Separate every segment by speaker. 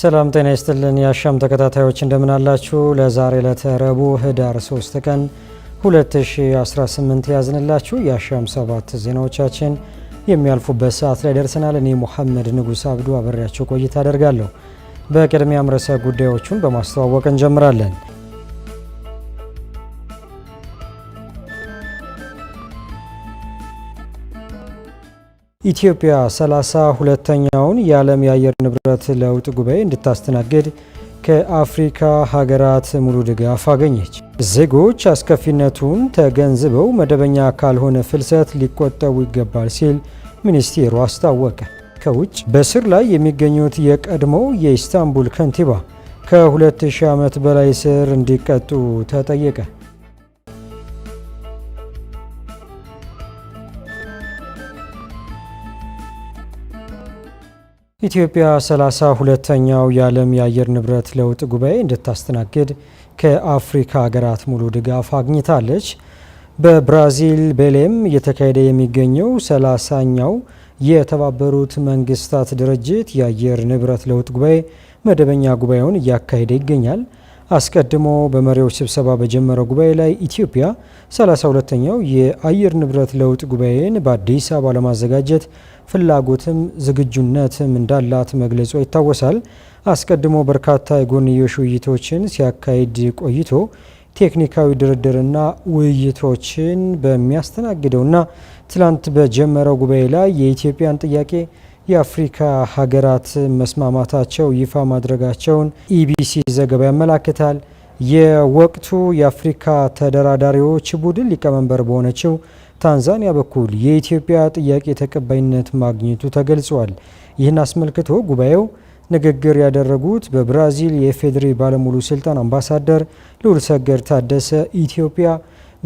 Speaker 1: ሰላም ጤና ይስጥልን የአሻም ተከታታዮች እንደምናላችሁ። ለዛሬ ለተረቡ ህዳር 3 ቀን 2018 ያዝንላችሁ የአሻም ሰባት ዜናዎቻችን የሚያልፉበት ሰዓት ላይ ደርሰናል። እኔ ሙሐመድ ንጉስ አብዱ አበሬያቸው ቆይታ አደርጋለሁ። በቅድሚያም ርዕሰ ጉዳዮቹን በማስተዋወቅ እንጀምራለን። ኢትዮጵያ ሰላሳ ሁለተኛውን የዓለም የአየር ንብረት ለውጥ ጉባኤ እንድታስተናግድ ከአፍሪካ ሀገራት ሙሉ ድጋፍ አገኘች። ዜጎች አስከፊነቱን ተገንዝበው መደበኛ ካልሆነ ፍልሰት ሊቆጠቡ ይገባል ሲል ሚኒስቴሩ አስታወቀ። ከውጭ በስር ላይ የሚገኙት የቀድሞው የኢስታንቡል ከንቲባ ከ2000 ዓመት በላይ ስር እንዲቀጡ ተጠየቀ። ኢትዮጵያ ሰላሳ ሁለተኛው የዓለም የአየር ንብረት ለውጥ ጉባኤ እንድታስተናግድ ከአፍሪካ ሀገራት ሙሉ ድጋፍ አግኝታለች። በብራዚል ቤሌም እየተካሄደ የሚገኘው ሰላሳኛው የተባበሩት መንግስታት ድርጅት የአየር ንብረት ለውጥ ጉባኤ መደበኛ ጉባኤውን እያካሄደ ይገኛል። አስቀድሞ በመሪዎች ስብሰባ በጀመረው ጉባኤ ላይ ኢትዮጵያ 32ኛው የአየር ንብረት ለውጥ ጉባኤን በአዲስ አበባ ለማዘጋጀት ፍላጎትም ዝግጁነትም እንዳላት መግለጿ ይታወሳል። አስቀድሞ በርካታ የጎንዮሽ ውይይቶችን ሲያካሂድ ቆይቶ ቴክኒካዊ ድርድርና ውይይቶችን በሚያስተናግደውና ትላንት በጀመረው ጉባኤ ላይ የኢትዮጵያን ጥያቄ የአፍሪካ ሀገራት መስማማታቸው ይፋ ማድረጋቸውን ኢቢሲ ዘገባ ያመላክታል። የወቅቱ የአፍሪካ ተደራዳሪዎች ቡድን ሊቀመንበር በሆነችው ታንዛኒያ በኩል የኢትዮጵያ ጥያቄ ተቀባይነት ማግኘቱ ተገልጿል። ይህን አስመልክቶ ጉባኤው ንግግር ያደረጉት በብራዚል የኢፌዴሪ ባለሙሉ ስልጣን አምባሳደር ልዑልሰገድ ታደሰ ኢትዮጵያ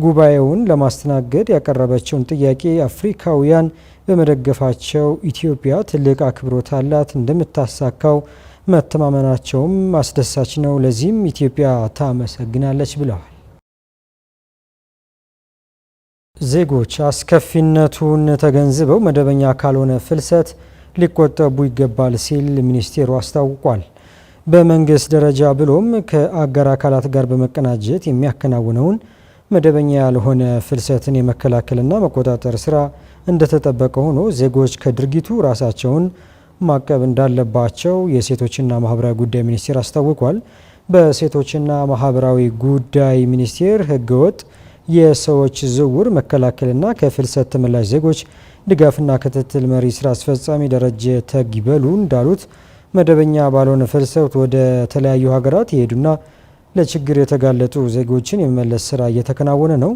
Speaker 1: ጉባኤውን ለማስተናገድ ያቀረበችውን ጥያቄ አፍሪካውያን በመደገፋቸው ኢትዮጵያ ትልቅ አክብሮት አላት፣ እንደምታሳካው መተማመናቸውም አስደሳች ነው። ለዚህም ኢትዮጵያ ታመሰግናለች ብለዋል። ዜጎች አስከፊነቱን ተገንዝበው መደበኛ ካልሆነ ፍልሰት ሊቆጠቡ ይገባል ሲል ሚኒስቴሩ አስታውቋል። በመንግስት ደረጃ ብሎም ከአገር አካላት ጋር በመቀናጀት የሚያከናውነውን መደበኛ ያልሆነ ፍልሰትን የመከላከልና መቆጣጠር ስራ እንደተጠበቀ ሆኖ ዜጎች ከድርጊቱ ራሳቸውን ማቀብ እንዳለባቸው የሴቶችና ማህበራዊ ጉዳይ ሚኒስቴር አስታውቋል። በሴቶችና ማህበራዊ ጉዳይ ሚኒስቴር ህገወጥ የሰዎች ዝውውር መከላከልና ከፍልሰት ተመላሽ ዜጎች ድጋፍና ክትትል መሪ ስራ አስፈጻሚ ደረጀ ተግበሉ እንዳሉት መደበኛ ባልሆነ ፍልሰት ወደ ተለያዩ ሀገራት የሄዱና ለችግር የተጋለጡ ዜጎችን የመመለስ ስራ እየተከናወነ ነው።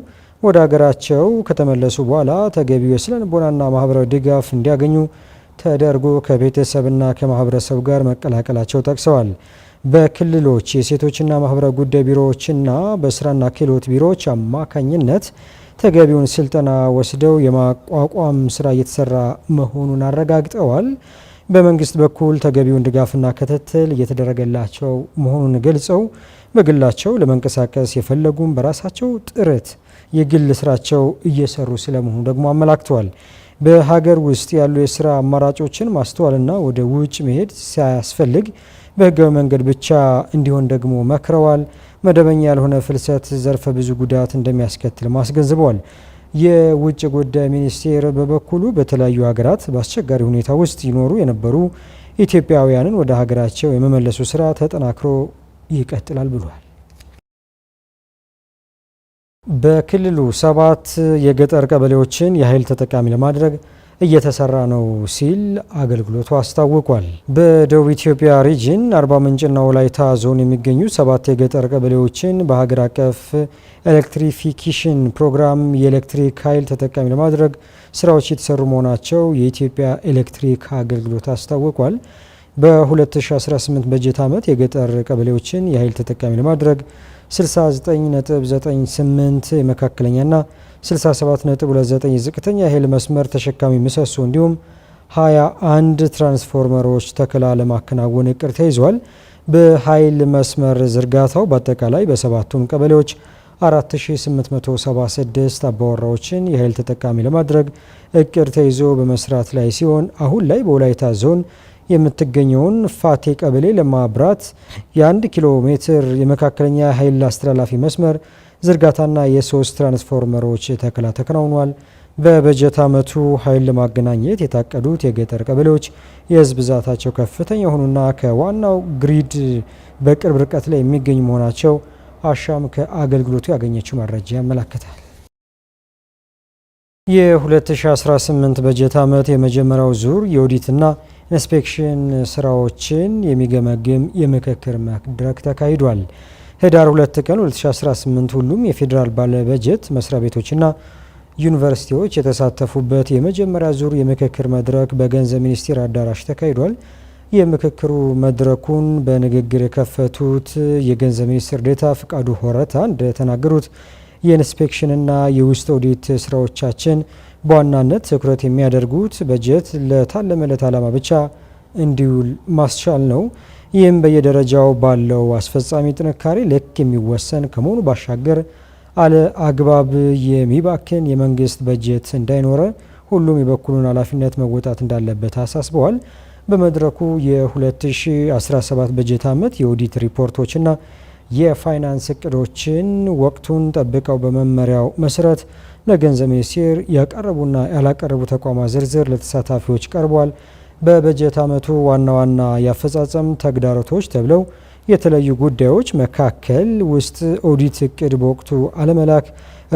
Speaker 1: ወደ ሀገራቸው ከተመለሱ በኋላ ተገቢው የስነ ልቦናና ማህበራዊ ድጋፍ እንዲያገኙ ተደርጎ ከቤተሰብና ከማህበረሰብ ጋር መቀላቀላቸው ጠቅሰዋል። በክልሎች የሴቶችና ማህበራዊ ጉዳይ ቢሮዎችና በስራና ክህሎት ቢሮዎች አማካኝነት ተገቢውን ስልጠና ወስደው የማቋቋም ስራ እየተሰራ መሆኑን አረጋግጠዋል። በመንግስት በኩል ተገቢውን ድጋፍና ክትትል እየተደረገላቸው መሆኑን ገልጸው በግላቸው ለመንቀሳቀስ የፈለጉም በራሳቸው ጥረት የግል ስራቸው እየሰሩ ስለመሆኑ ደግሞ አመላክተዋል። በሀገር ውስጥ ያሉ የስራ አማራጮችን ማስተዋልና ወደ ውጭ መሄድ ሳያስፈልግ በህጋዊ መንገድ ብቻ እንዲሆን ደግሞ መክረዋል። መደበኛ ያልሆነ ፍልሰት ዘርፈ ብዙ ጉዳት እንደሚያስከትል ማስገንዝበዋል። የውጭ ጉዳይ ሚኒስቴር በበኩሉ በተለያዩ ሀገራት በአስቸጋሪ ሁኔታ ውስጥ ይኖሩ የነበሩ ኢትዮጵያውያንን ወደ ሀገራቸው የመመለሱ ስራ ተጠናክሮ ይቀጥላል ብሏል። በክልሉ ሰባት የገጠር ቀበሌዎችን የኃይል ተጠቃሚ ለማድረግ እየተሰራ ነው ሲል አገልግሎቱ አስታውቋል። በደቡብ ኢትዮጵያ ሪጅን አርባ ምንጭና ወላይታ ዞን የሚገኙ ሰባት የገጠር ቀበሌዎችን በሀገር አቀፍ ኤሌክትሪፊኬሽን ፕሮግራም የኤሌክትሪክ ኃይል ተጠቃሚ ለማድረግ ስራዎች የተሰሩ መሆናቸው የኢትዮጵያ ኤሌክትሪክ አገልግሎት አስታውቋል። በ2018 በጀት ዓመት የገጠር ቀበሌዎችን የኃይል ተጠቃሚ ለማድረግ 69.98 የመካከለኛና 67.29 ዝቅተኛ የኃይል መስመር ተሸካሚ ምሰሶ እንዲሁም 21 ትራንስፎርመሮች ተክላ ለማከናወን እቅድ ተይዟል። በኃይል መስመር ዝርጋታው በአጠቃላይ በሰባቱም ቀበሌዎች 4876 አባወራዎችን የኃይል ተጠቃሚ ለማድረግ እቅድ ተይዞ በመስራት ላይ ሲሆን አሁን ላይ በወላይታ ዞን የምትገኘውን ፋቴ ቀበሌ ለማብራት የአንድ ኪሎ ሜትር የመካከለኛ ኃይል አስተላላፊ መስመር ዝርጋታና የሶስት ትራንስፎርመሮች ተከላ ተከናውኗል። በበጀት ዓመቱ ኃይል ለማገናኘት የታቀዱት የገጠር ቀበሌዎች የህዝብ ብዛታቸው ከፍተኛ የሆኑና ከዋናው ግሪድ በቅርብ ርቀት ላይ የሚገኙ መሆናቸው አሻም ከአገልግሎቱ ያገኘችው መረጃ ያመለክታል። የ2018 በጀት ዓመት የመጀመሪያው ዙር የኦዲትና ኢንስፔክሽን ስራዎችን የሚገመግም የምክክር መድረክ ተካሂዷል። ህዳር 2 ቀን 2018 ሁሉም የፌዴራል ባለበጀት መስሪያ ቤቶችና ዩኒቨርሲቲዎች የተሳተፉበት የመጀመሪያ ዙር የምክክር መድረክ በገንዘብ ሚኒስቴር አዳራሽ ተካሂዷል። የምክክሩ መድረኩን በንግግር የከፈቱት የገንዘብ ሚኒስትር ዴታ ፍቃዱ ሆረታ እንደተናገሩት የኢንስፔክሽንና የውስጥ ኦዲት ስራዎቻችን በዋናነት ትኩረት የሚያደርጉት በጀት ለታለመለት ዓላማ ብቻ እንዲውል ማስቻል ነው። ይህም በየደረጃው ባለው አስፈጻሚ ጥንካሬ ልክ የሚወሰን ከመሆኑ ባሻገር አለ አግባብ የሚባክን የመንግስት በጀት እንዳይኖረ ሁሉም የበኩሉን ኃላፊነት መወጣት እንዳለበት አሳስበዋል። በመድረኩ የ2017 በጀት ዓመት የኦዲት ሪፖርቶችና የፋይናንስ እቅዶችን ወቅቱን ጠብቀው በመመሪያው መሰረት ለገንዘብ ሚኒስቴር ያቀረቡና ያላቀረቡ ተቋማት ዝርዝር ለተሳታፊዎች ቀርቧል። በበጀት ዓመቱ ዋና ዋና የአፈጻጸም ተግዳሮቶች ተብለው የተለዩ ጉዳዮች መካከል ውስጥ ኦዲት እቅድ በወቅቱ አለመላክ፣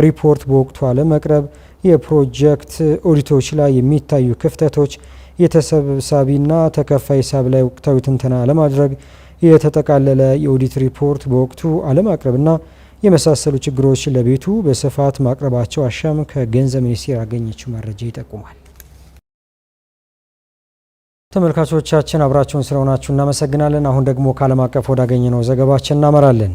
Speaker 1: ሪፖርት በወቅቱ አለመቅረብ፣ የፕሮጀክት ኦዲቶች ላይ የሚታዩ ክፍተቶች፣ የተሰብሳቢና ተከፋይ ሂሳብ ላይ ወቅታዊ ትንተና አለማድረግ፣ የተጠቃለለ የኦዲት ሪፖርት በወቅቱ አለማቅረብና የመሳሰሉ ችግሮች ለቤቱ በስፋት ማቅረባቸው አሻም ከገንዘብ ሚኒስቴር ያገኘችው መረጃ ይጠቁማል። ተመልካቾቻችን አብራችሁን ስለሆናችሁ እናመሰግናለን። አሁን ደግሞ ከዓለም አቀፍ ወዳገኘነው ዘገባችን እናመራለን።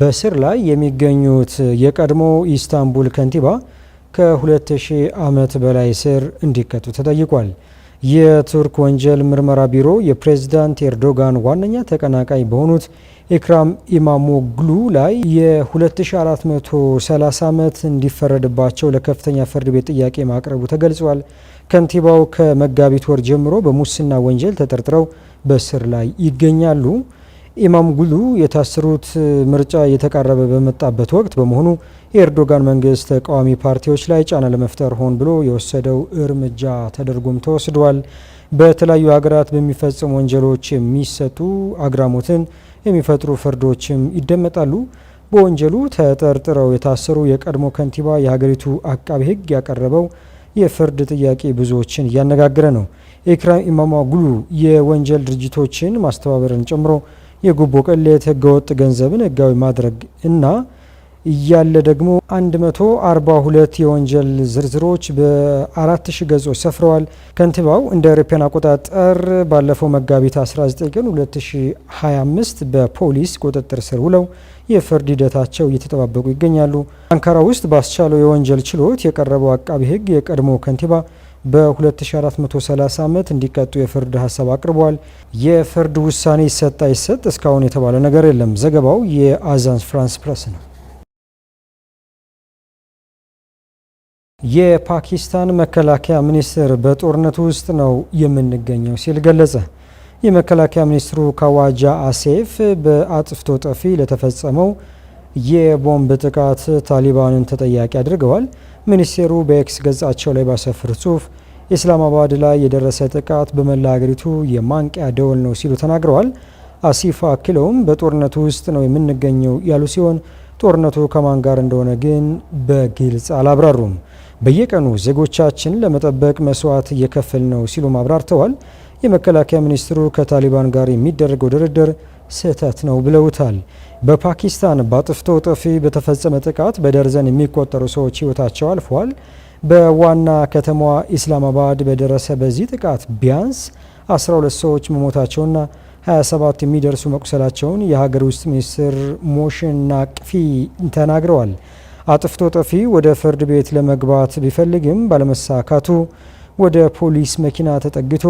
Speaker 1: በስር ላይ የሚገኙት የቀድሞ ኢስታንቡል ከንቲባ ከ2000 ዓመት በላይ ስር እንዲቀጡ ተጠይቋል። የቱርክ ወንጀል ምርመራ ቢሮ የፕሬዝዳንት ኤርዶጋን ዋነኛ ተቀናቃኝ በሆኑት ኢክራም ኢማሞግሉ ላይ የ2430 ዓመት እንዲፈረድባቸው ለከፍተኛ ፍርድ ቤት ጥያቄ ማቅረቡ ተገልጿል። ከንቲባው ከመጋቢት ወር ጀምሮ በሙስና ወንጀል ተጠርጥረው በስር ላይ ይገኛሉ። ኢማም ጉሉ የታሰሩት ምርጫ እየተቃረበ በመጣበት ወቅት በመሆኑ የኤርዶጋን መንግስት ተቃዋሚ ፓርቲዎች ላይ ጫና ለመፍጠር ሆን ብሎ የወሰደው እርምጃ ተደርጎም ተወስዷል። በተለያዩ ሀገራት በሚፈጽሙ ወንጀሎች የሚሰጡ አግራሞትን የሚፈጥሩ ፍርዶችም ይደመጣሉ። በወንጀሉ ተጠርጥረው የታሰሩ የቀድሞ ከንቲባ የሀገሪቱ አቃቤ ሕግ ያቀረበው የፍርድ ጥያቄ ብዙዎችን እያነጋገረ ነው። ኢክራም ኢማም ጉሉ የወንጀል ድርጅቶችን ማስተባበርን ጨምሮ የጉቦ ቅሌት፣ ህገወጥ ገንዘብን ህጋዊ ማድረግ እና እያለ ደግሞ 142 የወንጀል ዝርዝሮች በአራት ሺ ገጾች ሰፍረዋል። ከንቲባው እንደ አውሮፓውያን አቆጣጠር ባለፈው መጋቢት 19 ቀን 2025 በፖሊስ ቁጥጥር ስር ውለው የፍርድ ሂደታቸው እየተጠባበቁ ይገኛሉ። አንካራ ውስጥ ባስቻለው የወንጀል ችሎት የቀረበው አቃቢ ህግ የቀድሞ ከንቲባ በ2430 ዓመት እንዲቀጡ የፍርድ ሀሳብ አቅርቧል። የፍርድ ውሳኔ ይሰጥ አይሰጥ እስካሁን የተባለ ነገር የለም። ዘገባው የአዛንስ ፍራንስ ፕረስ ነው። የፓኪስታን መከላከያ ሚኒስትር በጦርነቱ ውስጥ ነው የምንገኘው ሲል ገለጸ። የመከላከያ ሚኒስትሩ ካዋጃ አሴፍ በአጥፍቶ ጠፊ ለተፈጸመው የቦምብ ጥቃት ታሊባንን ተጠያቂ አድርገዋል። ሚኒስቴሩ በኤክስ ገጻቸው ላይ ባሰፈሩት ጽሁፍ ኢስላማባድ ላይ የደረሰ ጥቃት በመላ ሀገሪቱ የማንቂያ ደወል ነው ሲሉ ተናግረዋል። አሲፍ አክለውም በጦርነቱ ውስጥ ነው የምንገኘው ያሉ ሲሆን ጦርነቱ ከማን ጋር እንደሆነ ግን በግልጽ አላብራሩም። በየቀኑ ዜጎቻችን ለመጠበቅ መስዋዕት እየከፈል ነው ሲሉም ማብራርተዋል። የመከላከያ ሚኒስትሩ ከታሊባን ጋር የሚደረገው ድርድር ስህተት ነው ብለውታል። በፓኪስታን በአጥፍቶ ጠፊ በተፈጸመ ጥቃት በደርዘን የሚቆጠሩ ሰዎች ህይወታቸው አልፏል። በዋና ከተማዋ ኢስላማባድ በደረሰ በዚህ ጥቃት ቢያንስ 12 ሰዎች መሞታቸውና 27 የሚደርሱ መቁሰላቸውን የሀገር ውስጥ ሚኒስትር ሞሽን ናቅፊ ተናግረዋል። አጥፍቶ ጠፊ ወደ ፍርድ ቤት ለመግባት ቢፈልግም ባለመሳካቱ ወደ ፖሊስ መኪና ተጠግቶ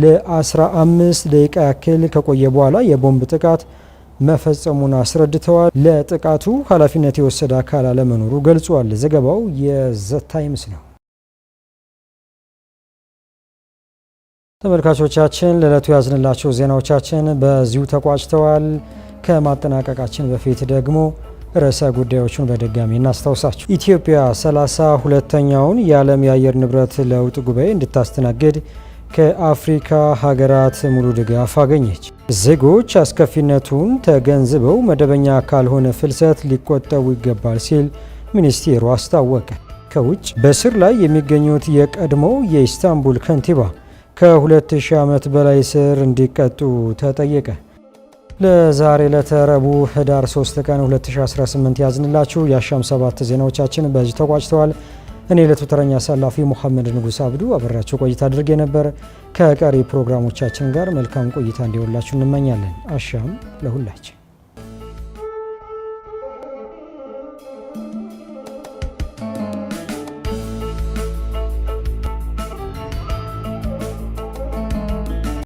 Speaker 1: ለ15 ደቂቃ ያክል ከቆየ በኋላ የቦምብ ጥቃት መፈጸሙን አስረድተዋል። ለጥቃቱ ኃላፊነት የወሰደ አካል አለመኖሩ ገልጿል። ዘገባው የዘ ታይምስ ነው። ተመልካቾቻችን ለዕለቱ ያዝንላቸው ዜናዎቻችን በዚሁ ተቋጭተዋል። ከማጠናቀቃችን በፊት ደግሞ ርዕሰ ጉዳዮቹን በድጋሚ እናስታውሳችሁ። ኢትዮጵያ ሰላሳ ሁለተኛውን የዓለም የአየር ንብረት ለውጥ ጉባኤ እንድታስተናግድ ከአፍሪካ ሀገራት ሙሉ ድጋፍ አገኘች። ዜጎች አስከፊነቱን ተገንዝበው መደበኛ ካልሆነ ፍልሰት ሊቆጠቡ ይገባል ሲል ሚኒስቴሩ አስታወቀ። ከውጭ በስር ላይ የሚገኙት የቀድሞው የኢስታንቡል ከንቲባ ከ2000 ዓመት በላይ ስር እንዲቀጡ ተጠየቀ። ለዛሬ ለተረቡ ህዳር 3 ቀን 2018 ያዝንላችሁ የአሻም ሰባት ዜናዎቻችን በዚህ ተቋጭተዋል። እኔ የዕለቱ ተረኛ አሳላፊ ሙሐመድ ንጉስ አብዱ አበራቸው ቆይታ አድርጌ ነበር። ከቀሪ ፕሮግራሞቻችን ጋር መልካም ቆይታ እንዲሆንላችሁ እንመኛለን። አሻም ለሁላችን